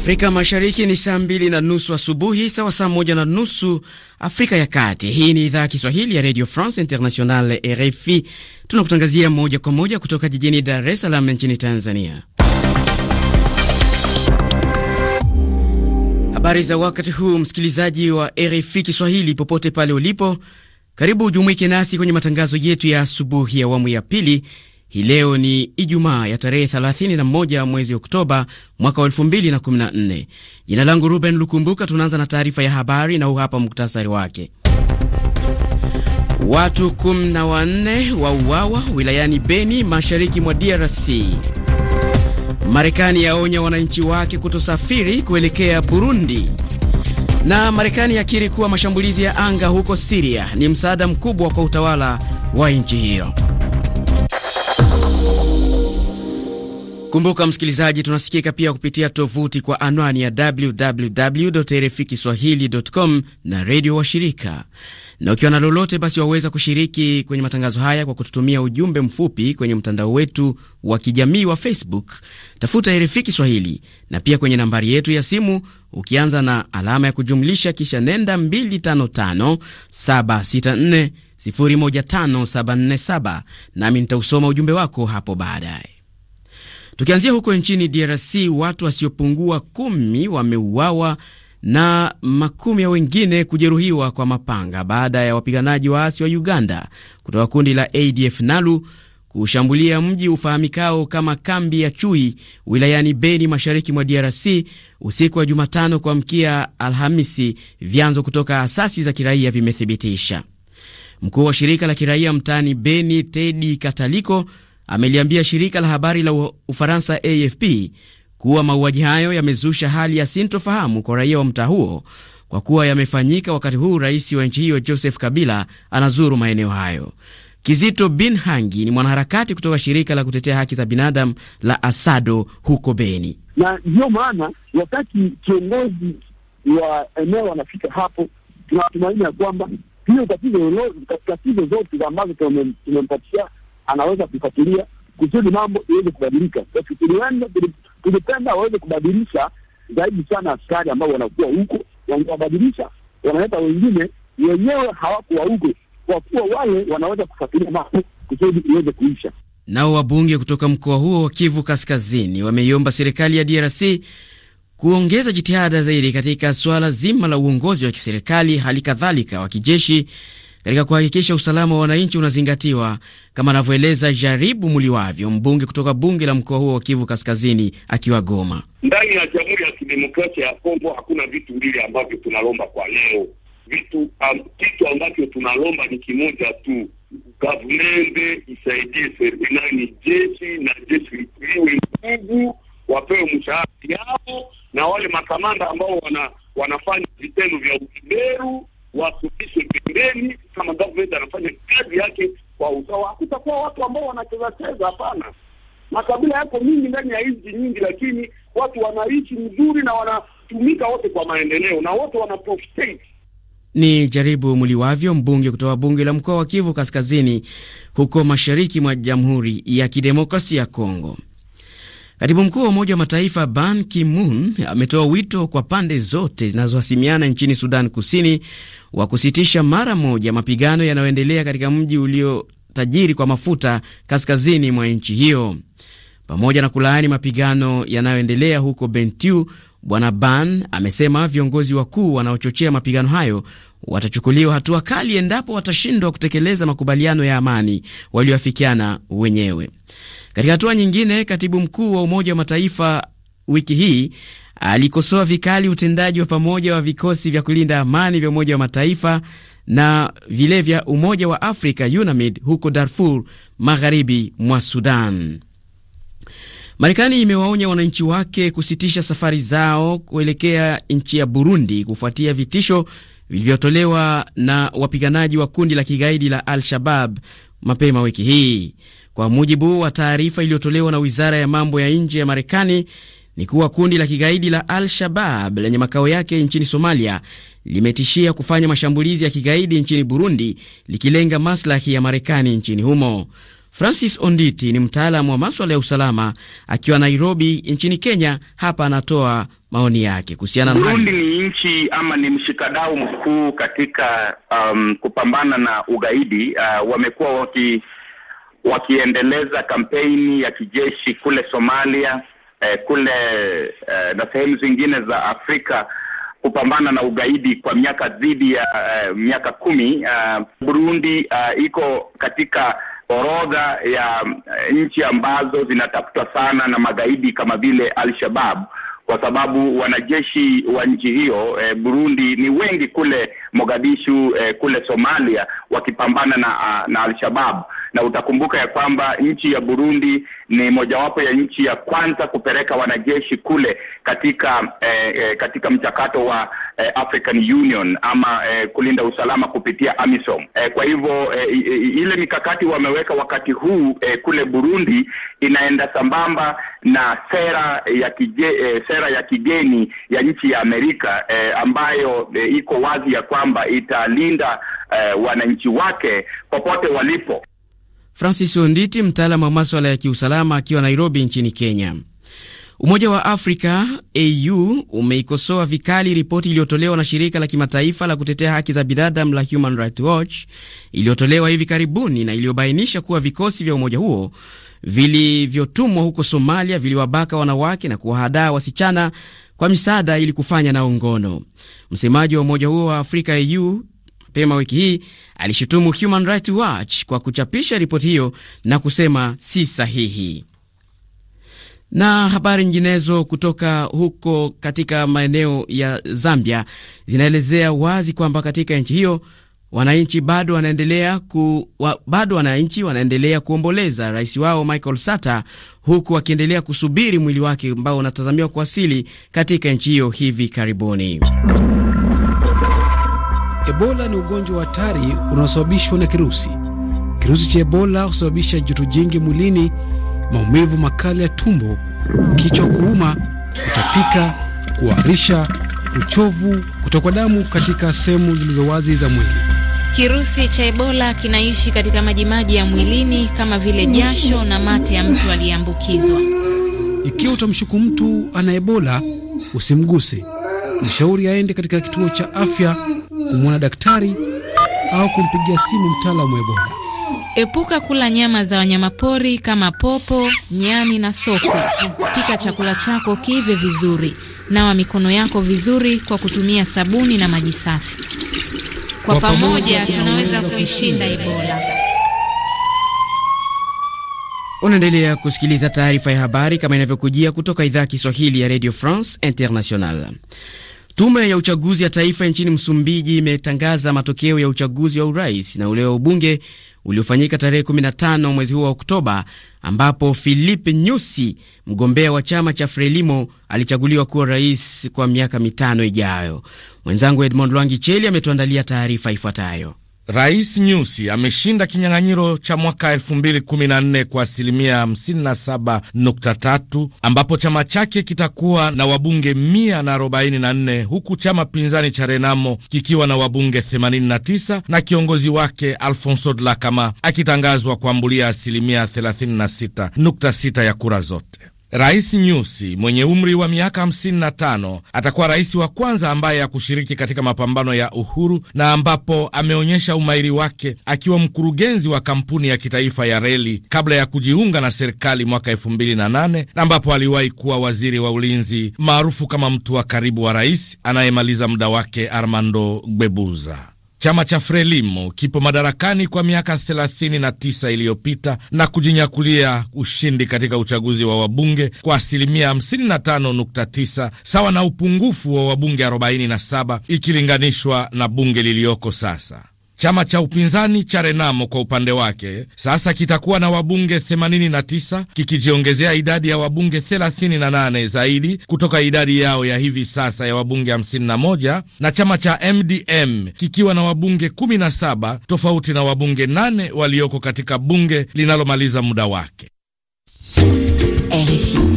Afrika Mashariki ni saa mbili na nusu asubuhi, sawa saa moja na nusu Afrika ya Kati. Hii ni idhaa ya Kiswahili ya Radio France Internationale, RFI. Tunakutangazia moja kwa moja kutoka jijini Dar es Salaam nchini Tanzania. Habari za wakati huu, msikilizaji wa RFI Kiswahili popote pale ulipo, karibu ujumuike nasi kwenye matangazo yetu ya asubuhi ya awamu ya pili hii leo ni Ijumaa ya tarehe 31 mwezi Oktoba mwaka 2014. Jina langu Ruben Lukumbuka. Tunaanza na taarifa ya habari na uhapa hapa muktasari wake. Watu 14 wauawa wilayani Beni, mashariki mwa DRC. Marekani yaonya wananchi wake kutosafiri kuelekea Burundi, na Marekani yakiri kuwa mashambulizi ya anga huko Siria ni msaada mkubwa kwa utawala wa nchi hiyo. Kumbuka msikilizaji, tunasikika pia kupitia tovuti kwa anwani ya www RFI kiswahili.com na redio wa shirika Na ukiwa na lolote, basi waweza kushiriki kwenye matangazo haya kwa kututumia ujumbe mfupi kwenye mtandao wetu wa kijamii wa Facebook, tafuta RFI Kiswahili, na pia kwenye nambari yetu ya simu ukianza na alama ya kujumlisha kisha nenda 255764 015747, nami nitausoma ujumbe wako hapo baadaye. Tukianzia huko nchini DRC, watu wasiopungua kumi wameuawa na makumi ya wengine kujeruhiwa kwa mapanga baada ya wapiganaji waasi wa Uganda kutoka kundi la ADF Nalu kushambulia mji ufahamikao kama kambi ya Chui wilayani Beni mashariki mwa DRC usiku wa Jumatano kuamkia Alhamisi, vyanzo kutoka asasi za kiraia vimethibitisha. Mkuu wa shirika la kiraia mtaani Beni Tedi Kataliko ameliambia shirika la habari la Ufaransa AFP kuwa mauaji hayo yamezusha hali ya sintofahamu kwa raia wa mtaa huo kwa kuwa yamefanyika wakati huu rais wa nchi hiyo Joseph Kabila anazuru maeneo hayo. Kizito bin hangi ni mwanaharakati kutoka shirika la kutetea haki za binadamu la ASADO huko Beni. Na ndiyo maana wakati kiongozi wa eneo wanafika hapo, tunatumaini ya kwamba hiyo tatizo zote ambazo tumempatia anaweza kufuatilia kusudi mambo iweze kubadilika. Tulipenda waweze kubadilisha zaidi sana askari ambao wanakuwa huko, wangewabadilisha wanaleta wengine, wenyewe hawakuwa huko, kwa kuwa wale wanaweza kufuatilia mambo kusudi iweze kuisha. Nao wabunge kutoka mkoa huo wa Kivu Kaskazini wameiomba serikali ya DRC kuongeza jitihada zaidi katika suala zima la uongozi wa kiserikali, hali kadhalika wa kijeshi katika kuhakikisha usalama wa wananchi unazingatiwa, kama anavyoeleza Jaribu Muliwavyo, mbunge kutoka bunge la mkoa huo wa Kivu Kaskazini, akiwa Goma. Ndani ya Jamhuri ya Kidemokrasia ya Kongo hakuna vitu vile ambavyo tunalomba kwa leo vitu um, kitu ambacho tunalomba ni kimoja tu, gavumende isaidie serikali, jeshi na jeshi liwe nguvu, wapewe mshahara yao, na wale makamanda ambao wana, wanafanya vitendo vya ubeberu wasukishwe pembeni, kama government anafanya kazi yake kwa usawa. Hakutakuwa watu ambao wanacheza cheza, hapana. Makabila yako mingi ndani ya nchi nyingi, lakini watu wanaishi mzuri na wanatumika wote kwa maendeleo na wote profit. Ni Jaribu mliwavyo, mbunge kutoka bunge la mkoa wa Kivu Kaskazini, huko mashariki mwa Jamhuri ya Kidemokrasia ya Kongo. Katibu mkuu wa Umoja wa Mataifa Ban Ki-moon ametoa wito kwa pande zote zinazohasimiana nchini Sudan Kusini wa kusitisha mara moja mapigano yanayoendelea katika mji ulio tajiri kwa mafuta kaskazini mwa nchi hiyo. Pamoja na kulaani mapigano yanayoendelea huko Bentiu, Bwana Ban amesema viongozi wakuu wanaochochea mapigano hayo watachukuliwa hatua kali endapo watashindwa kutekeleza makubaliano ya amani walioafikiana wenyewe. Katika hatua nyingine, katibu mkuu wa Umoja wa Mataifa wiki hii alikosoa vikali utendaji wa pamoja wa vikosi vya kulinda amani vya Umoja wa Mataifa na vile vya Umoja wa Afrika UNAMID huko Darfur magharibi mwa Sudan. Marekani imewaonya wananchi wake kusitisha safari zao kuelekea nchi ya Burundi kufuatia vitisho vilivyotolewa na wapiganaji wa kundi la kigaidi la Al-Shabab mapema wiki hii. Kwa mujibu wa taarifa iliyotolewa na wizara ya mambo ya nje ya Marekani ni kuwa kundi la kigaidi la Al-Shabab lenye makao yake nchini Somalia limetishia kufanya mashambulizi ya kigaidi nchini Burundi likilenga maslahi ya Marekani nchini humo. Francis Onditi ni mtaalamu wa maswala ya usalama akiwa Nairobi nchini Kenya. Hapa anatoa maoni yake kuhusiana na Burundi. Ni nchi ama ni mshikadau mkuu katika um, kupambana na ugaidi. Uh, wamekuwa waki wakiendeleza kampeni ya kijeshi kule Somalia eh, kule eh, na sehemu zingine za Afrika kupambana na ugaidi kwa miaka dhidi ya uh, miaka kumi. Uh, Burundi uh, iko katika orodha ya uh, nchi ambazo zinatafutwa sana na magaidi kama vile Al-Shabaab kwa sababu wanajeshi wa nchi hiyo e, Burundi ni wengi kule Mogadishu e, kule Somalia wakipambana na, ah, na Al-Shabaab na utakumbuka ya kwamba nchi ya Burundi ni mojawapo ya nchi ya kwanza kupeleka wanajeshi kule katika e, katika mchakato wa e, African Union ama e, kulinda usalama kupitia AMISOM. E, kwa hivyo e, ile mikakati wameweka wakati huu e, kule Burundi inaenda sambamba na sera ya kije, eh, sera ya kigeni ya nchi ya Amerika eh, ambayo eh, iko wazi ya kwamba italinda eh, wananchi wake popote walipo. Francis Onditi, mtaalamu wa maswala ya kiusalama, akiwa Nairobi nchini Kenya. Umoja wa Afrika AU umeikosoa vikali ripoti iliyotolewa na shirika la kimataifa la kutetea haki za binadamu la Human Rights Watch iliyotolewa hivi karibuni na iliyobainisha kuwa vikosi vya umoja huo vilivyotumwa huko Somalia viliwabaka wanawake na kuwahadaa wasichana kwa misaada ili kufanya nao ngono. Msemaji wa umoja huo wa Afrika AU mapema wiki hii alishutumu Human Rights Watch kwa kuchapisha ripoti hiyo na kusema si sahihi. Na habari nyinginezo kutoka huko katika maeneo ya Zambia zinaelezea wazi kwamba katika nchi hiyo wananchi bado wanaendelea ku, wa, bado wananchi wanaendelea kuomboleza rais wao Michael Sata huku wakiendelea kusubiri mwili wake ambao unatazamiwa kuwasili katika nchi hiyo hivi karibuni. Ebola ni ugonjwa wa hatari unaosababishwa na kirusi. Kirusi cha Ebola husababisha joto jingi mwilini, maumivu makali ya tumbo, kichwa kuuma, kutapika, kuharisha, uchovu, kutokwa damu katika sehemu zilizo wazi za mwili. Kirusi cha Ebola kinaishi katika majimaji ya mwilini kama vile jasho na mate ya mtu aliyeambukizwa. Ikiwa utamshuku mtu ana Ebola, usimguse. Mshauri aende katika kituo cha afya kumwona daktari au kumpigia simu mtaalamu wa Ebola. Epuka kula nyama za wanyamapori kama popo, nyani na sokwe. Pika chakula chako kive vizuri. Nawa mikono yako vizuri kwa kutumia sabuni na maji safi. Kwa pamoja tunaweza kuishinda Ebola. Unaendelea kusikiliza taarifa ya habari kama inavyokujia kutoka idhaa ya Kiswahili ya Radio France International. Tume ya uchaguzi ya taifa nchini Msumbiji imetangaza matokeo ya uchaguzi wa urais na ule wa ubunge uliofanyika tarehe 15 mwezi huu wa Oktoba, ambapo Filipe Nyusi, mgombea wa chama cha Frelimo, alichaguliwa kuwa rais kwa miaka mitano ijayo. Mwenzangu Edmond Lwangi Cheli ametuandalia taarifa ifuatayo. Rais Nyusi ameshinda kinyang'anyiro cha mwaka 2014 kwa asilimia 57.3 ambapo chama chake kitakuwa na wabunge 144 huku chama pinzani cha Renamo kikiwa na wabunge 89 na kiongozi wake Alfonso Dlakama akitangazwa kuambulia asilimia 36.6 ya kura zote. Rais Nyusi mwenye umri wa miaka 55 atakuwa rais wa kwanza ambaye hakushiriki katika mapambano ya uhuru na ambapo ameonyesha umahiri wake akiwa mkurugenzi wa kampuni ya kitaifa ya reli kabla ya kujiunga na serikali mwaka 2008 na ambapo aliwahi kuwa waziri wa ulinzi maarufu kama mtu wa karibu wa rais anayemaliza muda wake Armando Gwebuza. Chama cha Frelimo kipo madarakani kwa miaka 39 iliyopita na kujinyakulia ushindi katika uchaguzi wa wabunge kwa asilimia 55.9 sawa na upungufu wa wabunge 47 ikilinganishwa na bunge liliyoko sasa. Chama cha upinzani cha Renamo kwa upande wake sasa kitakuwa na wabunge 89 kikijiongezea idadi ya wabunge 38 zaidi kutoka idadi yao ya hivi sasa ya wabunge 51 na chama cha MDM kikiwa na wabunge 17 tofauti na wabunge 8 walioko katika bunge linalomaliza muda wake RFI.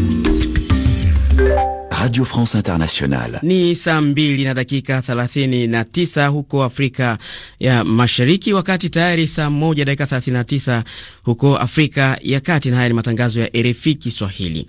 Radio France Internationale. Ni saa mbili na dakika 39 huko Afrika ya Mashariki, wakati tayari saa moja dakika 39 huko Afrika ya Kati, na haya ni matangazo ya RFI Kiswahili.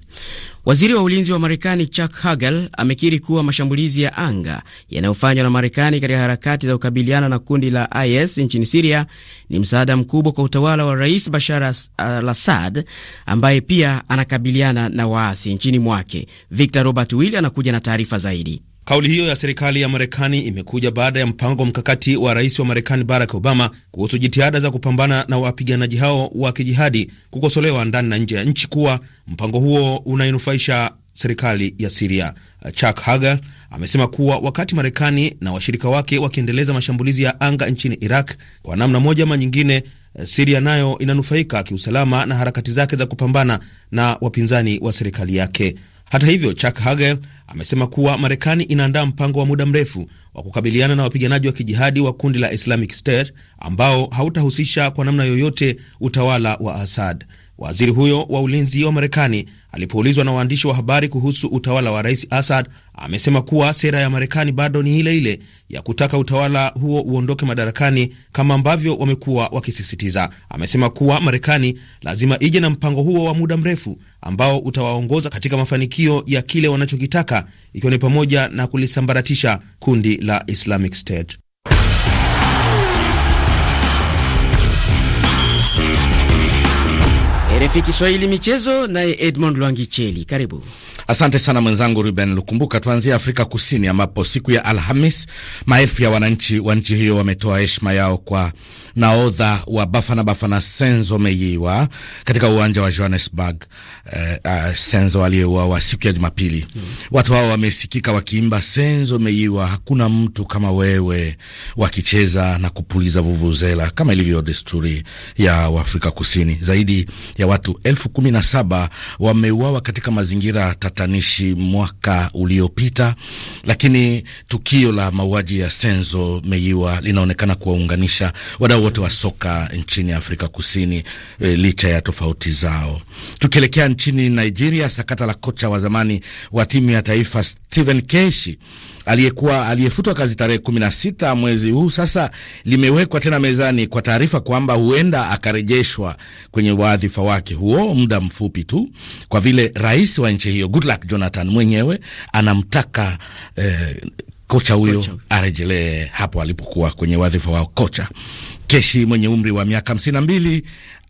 Waziri wa ulinzi wa Marekani Chuck Hagel amekiri kuwa mashambulizi ya anga yanayofanywa na Marekani katika harakati za kukabiliana na kundi la IS nchini Siria ni msaada mkubwa kwa utawala wa Rais Bashar al-Assad ambaye pia anakabiliana na waasi nchini mwake. Victor Robert Will anakuja na taarifa zaidi. Kauli hiyo ya serikali ya Marekani imekuja baada ya mpango mkakati wa rais wa Marekani Barack Obama kuhusu jitihada za kupambana na wapiganaji hao wa kijihadi kukosolewa ndani na nje ya nchi kuwa mpango huo unainufaisha serikali ya Siria. Chuck Hagel amesema kuwa wakati Marekani na washirika wake wakiendeleza mashambulizi ya anga nchini Iraq, kwa namna moja ama nyingine, Siria nayo inanufaika kiusalama na harakati zake za kupambana na wapinzani wa serikali yake. Hata hivyo, Chuck Hagel amesema kuwa Marekani inaandaa mpango wa muda mrefu wa kukabiliana na wapiganaji wa kijihadi wa kundi la Islamic State ambao hautahusisha kwa namna yoyote utawala wa Assad. Waziri huyo wa ulinzi wa Marekani alipoulizwa na waandishi wa habari kuhusu utawala wa rais Assad amesema kuwa sera ya Marekani bado ni ile ile ya kutaka utawala huo uondoke madarakani kama ambavyo wamekuwa wakisisitiza. Amesema kuwa Marekani lazima ije na mpango huo wa muda mrefu ambao utawaongoza katika mafanikio ya kile wanachokitaka, ikiwa ni pamoja na kulisambaratisha kundi la Islamic State. RFI Kiswahili michezo, naye Edmond Lwangicheli, karibu. Asante sana mwenzangu Ruben Lukumbuka. Tuanzie Afrika Kusini ambapo siku ya Alhamis maelfu ya wananchi wa nchi hiyo wametoa heshima yao kwa naodha wa Bafana Bafana Senzo Meyiwa katika uwanja wa Johannesburg. Eh, uh, Senzo aliyeuawa siku ya Jumapili mm. Watu hao wamesikika wakiimba Senzo Meyiwa, hakuna mtu kama wewe, wakicheza na kupuliza vuvuzela kama ilivyo desturi ya Waafrika Kusini. Zaidi ya watu elfu kumi na saba wameuawa katika mazingira tatanishi mwaka uliopita, lakini tukio la mauaji ya Senzo meiwa linaonekana kuwaunganisha wadau wote wa soka nchini Afrika Kusini e, licha ya tofauti zao. Tukielekea nchini Nigeria, sakata la kocha wa zamani wa timu ya taifa Stephen Keshi aliyekuwa aliyefutwa kazi tarehe 16 mwezi huu sasa limewekwa tena mezani kwa taarifa kwamba huenda akarejeshwa kwenye wadhifa wake huo muda mfupi tu, kwa vile rais wa nchi hiyo Goodluck Jonathan mwenyewe anamtaka eh, kocha huyo arejelee hapo alipokuwa kwenye wadhifa wa kocha. Keshi mwenye umri wa miaka 52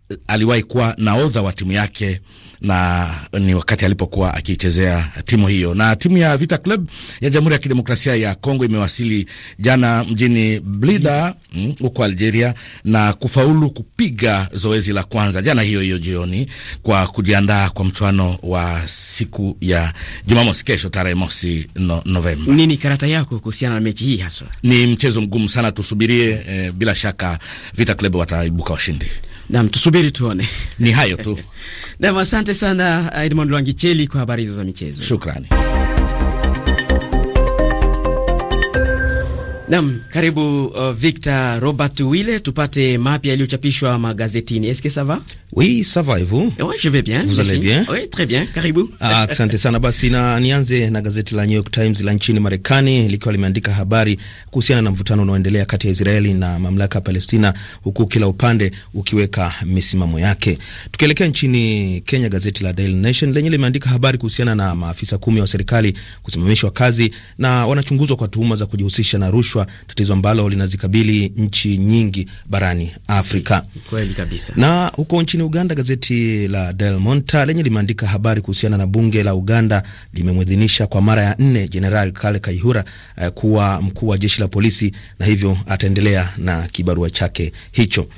eh, aliwahi kuwa nahodha wa timu yake na ni wakati alipokuwa akiichezea timu hiyo. Na timu ya Vita Club ya Jamhuri ya Kidemokrasia ya Kongo imewasili jana mjini Blida mm, huko mm, Algeria na kufaulu kupiga zoezi la kwanza jana hiyo hiyo jioni kwa kujiandaa kwa mchuano wa siku ya Jumamosi, kesho tarehe mosi no, Novemba. Nini karata yako kuhusiana na mechi hii haswa? Ni mchezo mgumu sana, tusubirie eh, bila shaka Vita Club wataibuka washindi. Nam, tusubiri tuone. Ni hayo tu. Nam, asante sana Edmond Lwangicheli kwa habari hizo za michezo. Shukrani. Nam, karibu uh, Victor Robert Wille, tupate mapya yaliyochapishwa magazetini. Est-ce que ça va? Oui, ça va et vous? Eh ouais, je vais bien. Vous allez bien? Oui, très bien. Karibu. Ah, asante sana basi na nianze na gazeti la New York Times la nchini Marekani likiwa limeandika habari kuhusiana na mvutano unaoendelea kati ya Israeli na mamlaka ya Palestina huku kila upande ukiweka misimamo yake. Tukielekea nchini Kenya, gazeti la Daily Nation lenye limeandika habari kuhusiana na maafisa kumi wa serikali kusimamishwa kazi na wanachunguzwa kwa tuhuma za kujihusisha na rushwa tatizo ambalo linazikabili nchi nyingi barani Afrika. Kweli kabisa. Na huko nchini Uganda, gazeti la Del Monta lenye limeandika habari kuhusiana na bunge la Uganda limemwidhinisha kwa mara ya nne jeneral Kale Kaihura eh, kuwa mkuu wa jeshi la polisi na hivyo ataendelea na kibarua chake hicho.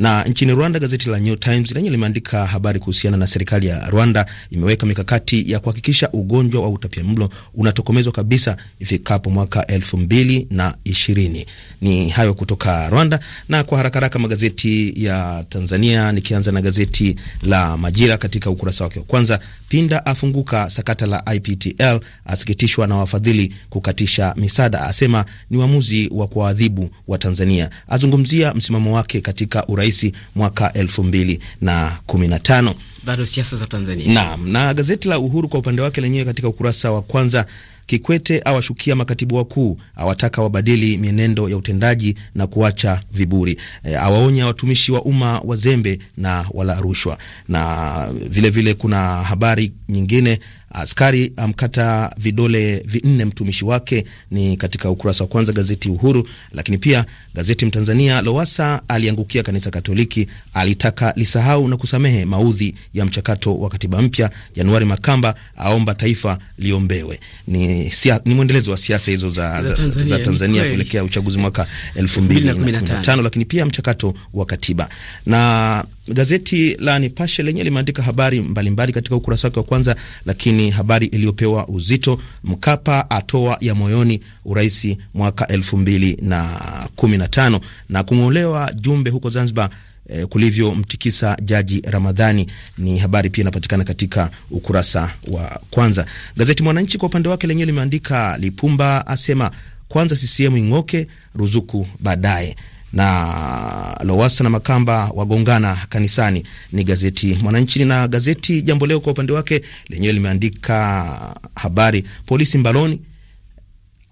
Na nchini Rwanda, gazeti la New Times lenye limeandika habari kuhusiana na serikali ya Rwanda imeweka mikakati ya kuhakikisha ugonjwa wa utapiamlo unatokomezwa kabisa ifikapo mwaka elfu mbili na ishirini. Ni hayo kutoka Rwanda, na kwa haraka haraka magazeti ya Tanzania, nikianza na gazeti la Majira katika ukurasa wake wa kwanza Pinda afunguka sakata la IPTL, asikitishwa na wafadhili kukatisha misaada, asema ni uamuzi wa kuwaadhibu wa Tanzania. Azungumzia msimamo wake katika uraisi mwaka elfu mbili na kumi na tano. Bado siasa za Tanzania. Naam, na gazeti la Uhuru kwa upande wake lenyewe katika ukurasa wa kwanza Kikwete awashukia makatibu wakuu, awataka wabadili mienendo ya utendaji na kuacha viburi. E, awaonya watumishi wa umma wazembe na wala rushwa. Na vilevile vile kuna habari nyingine Askari amkata vidole vinne mtumishi wake, ni katika ukurasa wa kwanza gazeti Uhuru. Lakini pia gazeti Mtanzania, Lowasa aliangukia kanisa Katoliki, alitaka lisahau na kusamehe maudhi ya mchakato wa katiba mpya. Januari Makamba aomba taifa liombewe. Ni, ni mwendelezo wa siasa hizo za, za Tanzania, za Tanzania kuelekea uchaguzi mwaka 2015 lakini pia mchakato wa katiba na Gazeti la Nipashe lenye limeandika habari mbalimbali mbali katika ukurasa wake wa kwanza, lakini habari iliyopewa uzito, Mkapa atoa ya moyoni uraisi mwaka elfu mbili na kumi na tano na kung'olewa jumbe huko Zanzibar eh, kulivyomtikisa Jaji Ramadhani ni habari pia inapatikana katika ukurasa wa kwanza. Gazeti Mwananchi kwa upande wake lenyewe limeandika Lipumba asema kwanza CCM ing'oke, ruzuku baadaye na Lowasa na Makamba wagongana kanisani, ni gazeti Mwananchi. Na gazeti Jambo Leo kwa upande wake lenyewe limeandika habari polisi mbaloni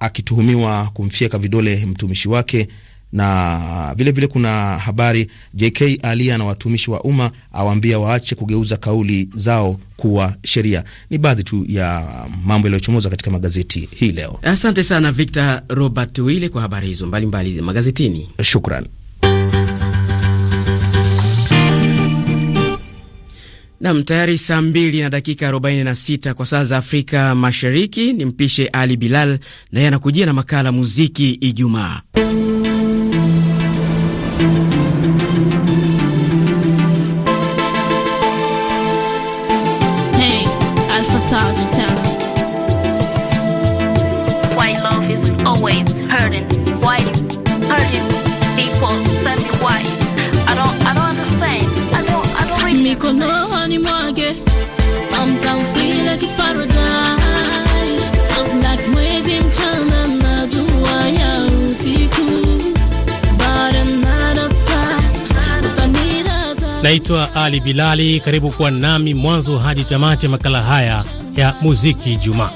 akituhumiwa kumfyeka vidole mtumishi wake na vilevile vile kuna habari JK alia na watumishi wa umma awaambia waache kugeuza kauli zao kuwa sheria. Ni baadhi tu ya mambo yaliyochomoza katika magazeti hii leo. Asante sana Victor Robert Wile kwa habari hizo mbalimbali mbali magazetini, shukran. Nam, tayari saa mbili na dakika 46 kwa saa za Afrika Mashariki. Ni mpishe Ali Bilal naye anakujia na makala muziki Ijumaa. Hey, Alpha Touchdown. Why love is always hurting? Why hurting people? Tell me why. I don't, I don't understand. I don't, I don't I'm down free like it's paradise. Naitwa Ali Bilali, karibu kuwa nami mwanzo hadi tamati ya makala haya ya muziki Jumaa.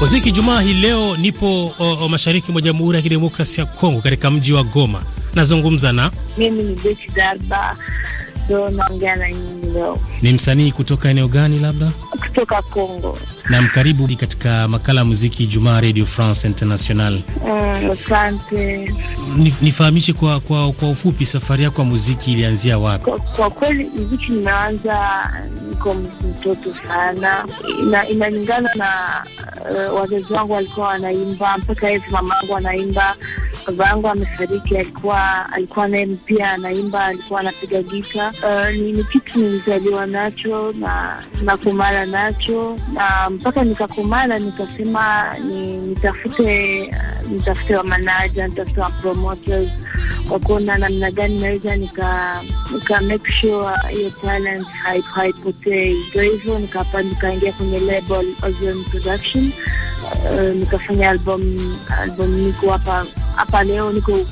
Muziki Jumaa hii leo nipo o, o, mashariki mwa Jamhuri ya Kidemokrasia ya Kongo, katika mji wa Goma. Nazungumza na mimi ni Beti Darba Dona Ni msanii kutoka eneo gani? Labda kutoka Kongo. Na mkaribu katika makala ya muziki Jumaa Radio France International. Mm, asante. Mm, nifahamishe kwa, kwa kwa ufupi safari yako ya muziki ilianzia wapi? Kwa, kwa kweli muziki nimeanza niko mtoto sana, inalingana na uh, wazazi wangu walikuwa wanaimba mpaka hivi mamangu anaimba baba yangu amefariki, alikuwa alikuwa naye pia anaimba, alikuwa anapiga gita. Uh, ni, kitu nilizaliwa nacho na nakumana nacho na mpaka nikakumana, nikasema ni, nitafute uh, nitafute wamanaja nitafute wa promoters kwa kuona namna gani naweza nika, nika make sure hiyo talent haipotei. Kwa hivyo nikapa nikaingia kwenye label Ozone Production. Uh, nikafanya album album niko hapa hapa leo niko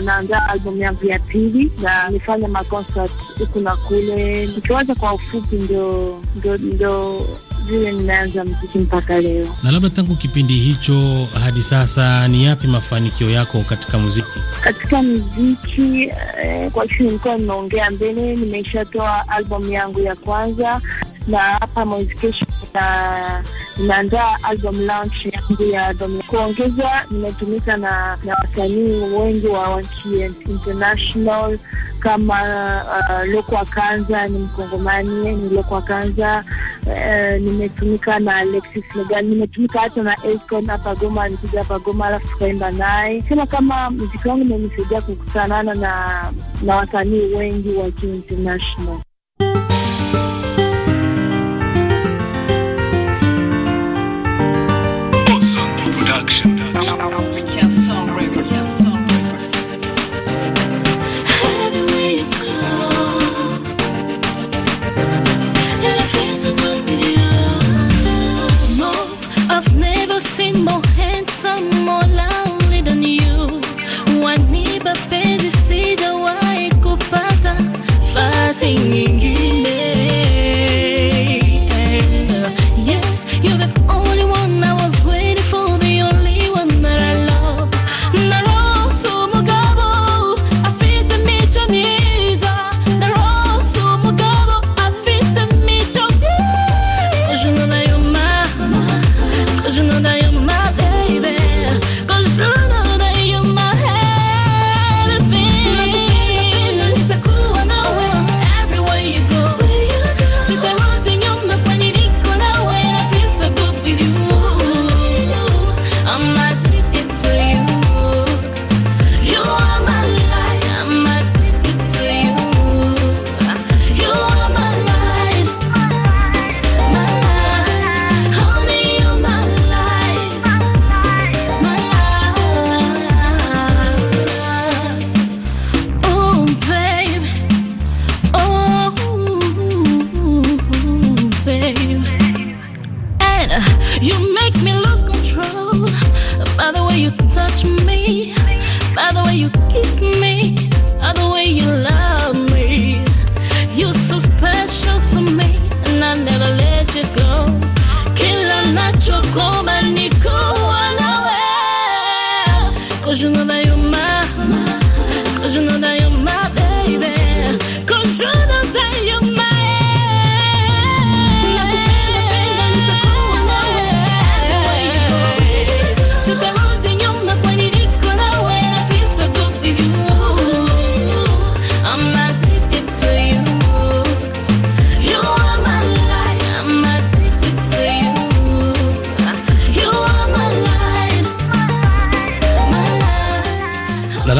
naanza albamu yangu ya pili na nifanya maconcert huku na kule, nikiwaza kwa ufupi, ndo ndo ndo vile ninaanza mziki mpaka leo. Na labda tangu kipindi hicho hadi sasa, ni yapi mafanikio yako katika muziki? Katika muziki eh, kwa hiyo nilikuwa nimeongea mbele, nimeshatoa albamu yangu ya kwanza na hapa mwezi kesho na ninaandaa album launch yangu ya album. Kuongeza nimetumika na, na wasanii wengi wa international kama uh, Lokwa Kanza ni Mkongomani, ni Lokwa Kanza. Uh, eh, nimetumika na Alexis Legal, nimetumika hata na Akon hapa Goma, alikuja hapa Goma alafu tukaimba naye. Sema kama muziki wangu imenisaidia kukutanana na, na wasanii wengi wa kiinternational.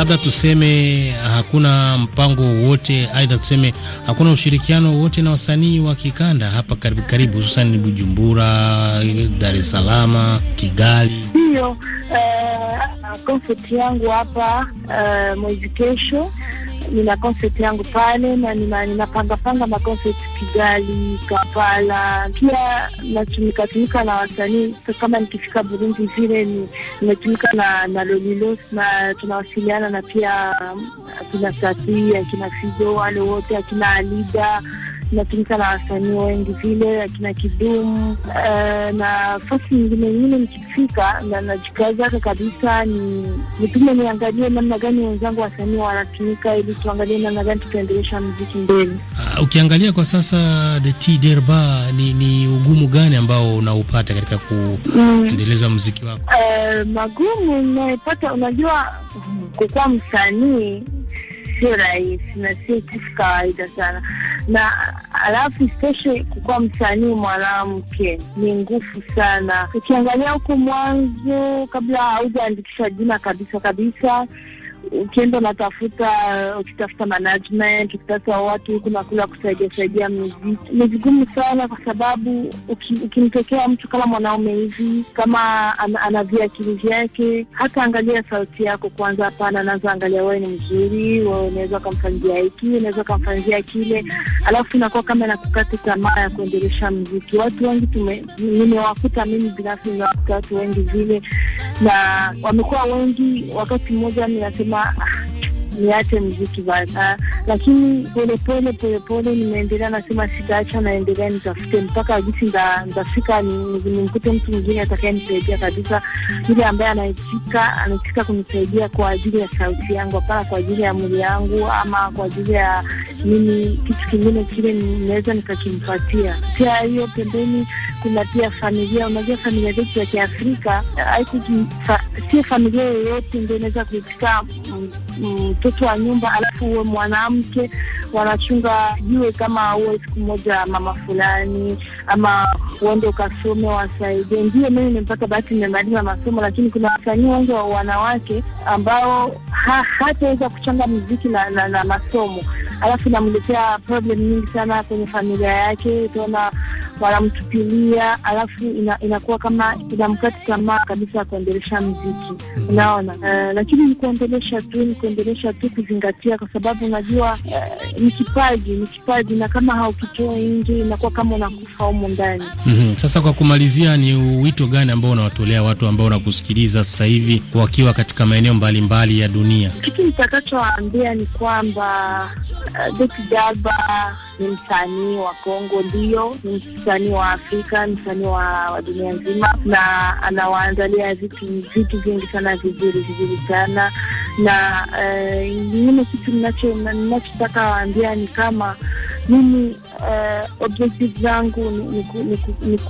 labda tuseme hakuna mpango wowote, aidha tuseme hakuna ushirikiano wowote na wasanii wa kikanda hapa karibu karibu, hususan Bujumbura, Dar es Salaam, Kigali. Ndio eh, yangu hapa eh, mwezi kesho nina concert yangu pale na ninapangapanga maconcert Kigali, Kampala. Pia tumika na wasanii kama nikifika Burundi vile nimetumika na na Lolilo na tunawasiliana na pia um, akina Safi, akina Fido, wale wote akina Alida inatumika na wasanii wengi vile akina Kidumu eh, na fasi nyingine nyingine. Nikifika na najikazaka kabisa, ni nipime niangalie namna gani wenzangu wasanii wanatumika, ili tuangalie namna gani tutaendelesha mziki mbele. Ah, ukiangalia kwa sasa the T Derba, ni, ni ugumu gani ambao unaupata katika kuendeleza mm. mziki wako? Uh, magumu unayopata, unajua kukuwa msanii sio rahisi na sio kitu kawaida sana na alafu isitoshe kukuwa msanii mwanamke ni ngufu sana. Ukiangalia huku mwanzo, kabla haujaandikisha jina kabisa kabisa ukienda unatafuta ukitafuta management ukitafuta watu huku na kule kusaidia saidia muziki ni vigumu sana, kwa sababu ukimtokea uki mtu kama mwanaume hivi kama an, ana viakili vyake, hata angalia sauti yako kwanza. Hapana, anaza angalia wewe ni mzuri, wewe unaweza ukamfanyia hiki, unaweza ukamfanyia kile, alafu inakuwa kama inakukata tamaa ya kuendelesha mziki Watu wengi nimewakuta mimi binafsi, nimewakuta watu wengi vile na wamekuwa wengi. Wakati mmoja ninasema niache mziki bana, lakini polepole polepole nimeendelea, nasema sitaacha, naendelea nitafute mpaka jisi nitafika nimkute mtu mwingine atakayenisaidia kabisa, yule ambaye anaitika anaitika kunisaidia kwa ajili ya sauti yangu, hapana kwa ajili ya mwili yangu ama kwa ajili ya mimi kitu kingine kile ninaweza nikakimpatia. Pia hiyo pembeni, kuna pia familia. Unajua familia zetu ya Kiafrika, sio familia yoyote ndio inaweza kuitika mtoto wa nyumba alafu uwe mwanamke, wanachunga jue kama uwe siku moja mama fulani ama uende ukasome wasaidie. ndio mimi nimepata bahati, nimemaliza masomo, lakini kuna wasanii wengi wa wanawake ambao ha, hataweza kuchanga mziki na, na, na masomo, alafu inamletea problem nyingi sana kwenye familia yake. Utaona wanamtupilia, alafu ina, inakuwa kama inamkati tamaa kabisa ya kuendelesha mziki, unaona uh, lakini ni kuendelesha tu, ni kuendelesha tu, kuzingatia, kwa sababu unajua uh, ni kipaji, ni kipaji, na kama haukitoa nje inakuwa kama unakufa humo ndani. mm -hmm. Sasa kwa kumalizia, ni wito gani ambao unawatolea watu ambao unakusikiliza sasa hivi wakiwa katika maeneo mbalimbali ya dunia? Kitu nitakachowaambia ni kwamba uh, eh, Betty ni msanii wa Kongo, ndio ni msanii wa Afrika, msanii wa, wa dunia nzima, na anawaandalia vitu vitu vingi sana vizuri vizuri sana na uh, eh, ingine kitu ninachotaka waambia ni kama mimi uh, objective zangu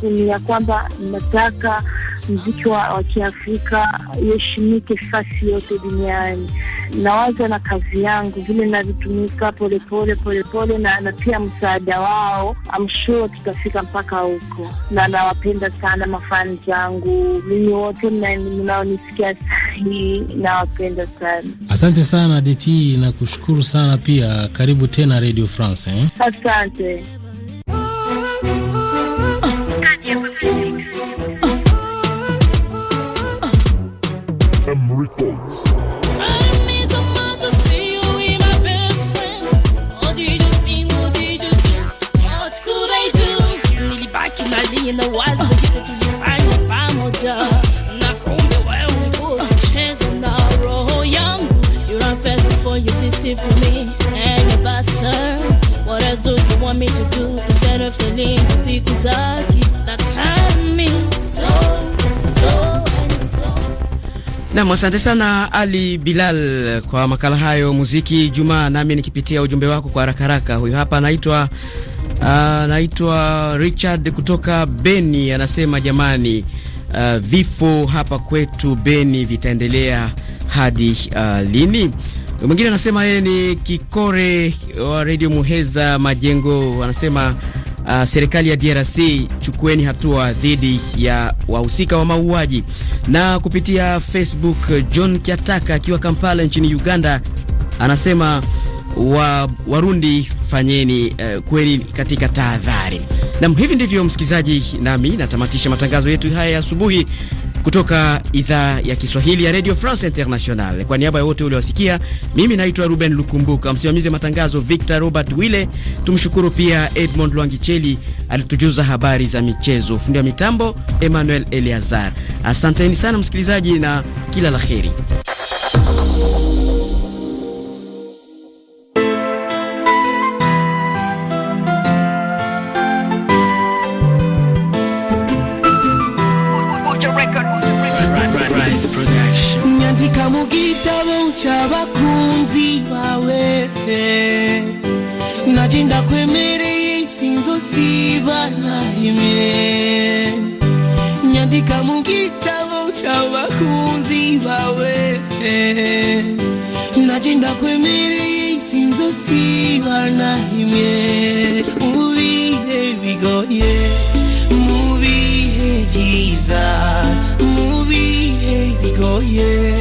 ni ya kwamba nataka mziki wa, wa Kiafrika iheshimike fasi yote duniani nawaza na kazi yangu vile ninavyotumika polepole polepole, na, na pia msaada wao amshua tutafika mpaka huko, na nawapenda sana mafani zangu mimi wote mnaonisikia sahii nawapenda sana. Asante sana DT, nakushukuru sana pia, karibu tena Radio France eh? Asante. Nam, asante sana Ali Bilal kwa makala hayo muziki Jumaa, nami nikipitia ujumbe wako kwa haraka haraka. Huyu hapa anaitwa ah, anaitwa uh, Richard kutoka Beni, anasema jamani, uh, vifo hapa kwetu Beni vitaendelea hadi uh, lini? Mwingine anasema yeye ni Kikore wa Radio Muheza Majengo, anasema Uh, serikali ya DRC chukueni hatua dhidi ya wahusika wa mauaji. Na kupitia Facebook, John Kiataka akiwa Kampala nchini Uganda anasema wa, Warundi fanyeni uh, kweli katika tahadhari. Nam, hivi ndivyo msikilizaji, nami natamatisha matangazo yetu haya ya asubuhi kutoka idhaa ya Kiswahili ya Radio France International. Kwa niaba ya wote uliowasikia, mimi naitwa Ruben Lukumbuka, msimamizi matangazo Victor Robert Wille. Tumshukuru pia Edmond Lwangicheli alitujuza habari za michezo, fundi wa mitambo Emmanuel Eleazar. Asanteni sana msikilizaji, na kila la heri. Najenga kwemere sinzosi barnahimye Mubihe bigoye mubihe byiza mubihe bigoye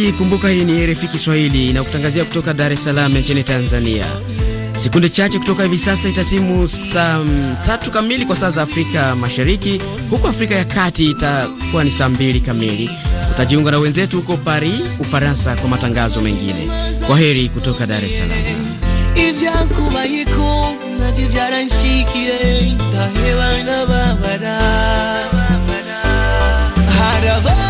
Msikilizaji, kumbuka hii ni RFI Kiswahili inakutangazia kutoka Dar es Salaam nchini Tanzania. Sekunde chache kutoka hivi sasa itatimu saa tatu kamili kwa saa za Afrika Mashariki, huku Afrika ya Kati itakuwa ni saa mbili kamili. Utajiunga na wenzetu huko Paris, Ufaransa, kwa matangazo mengine. Kwa heri kutoka Dar es Salaam.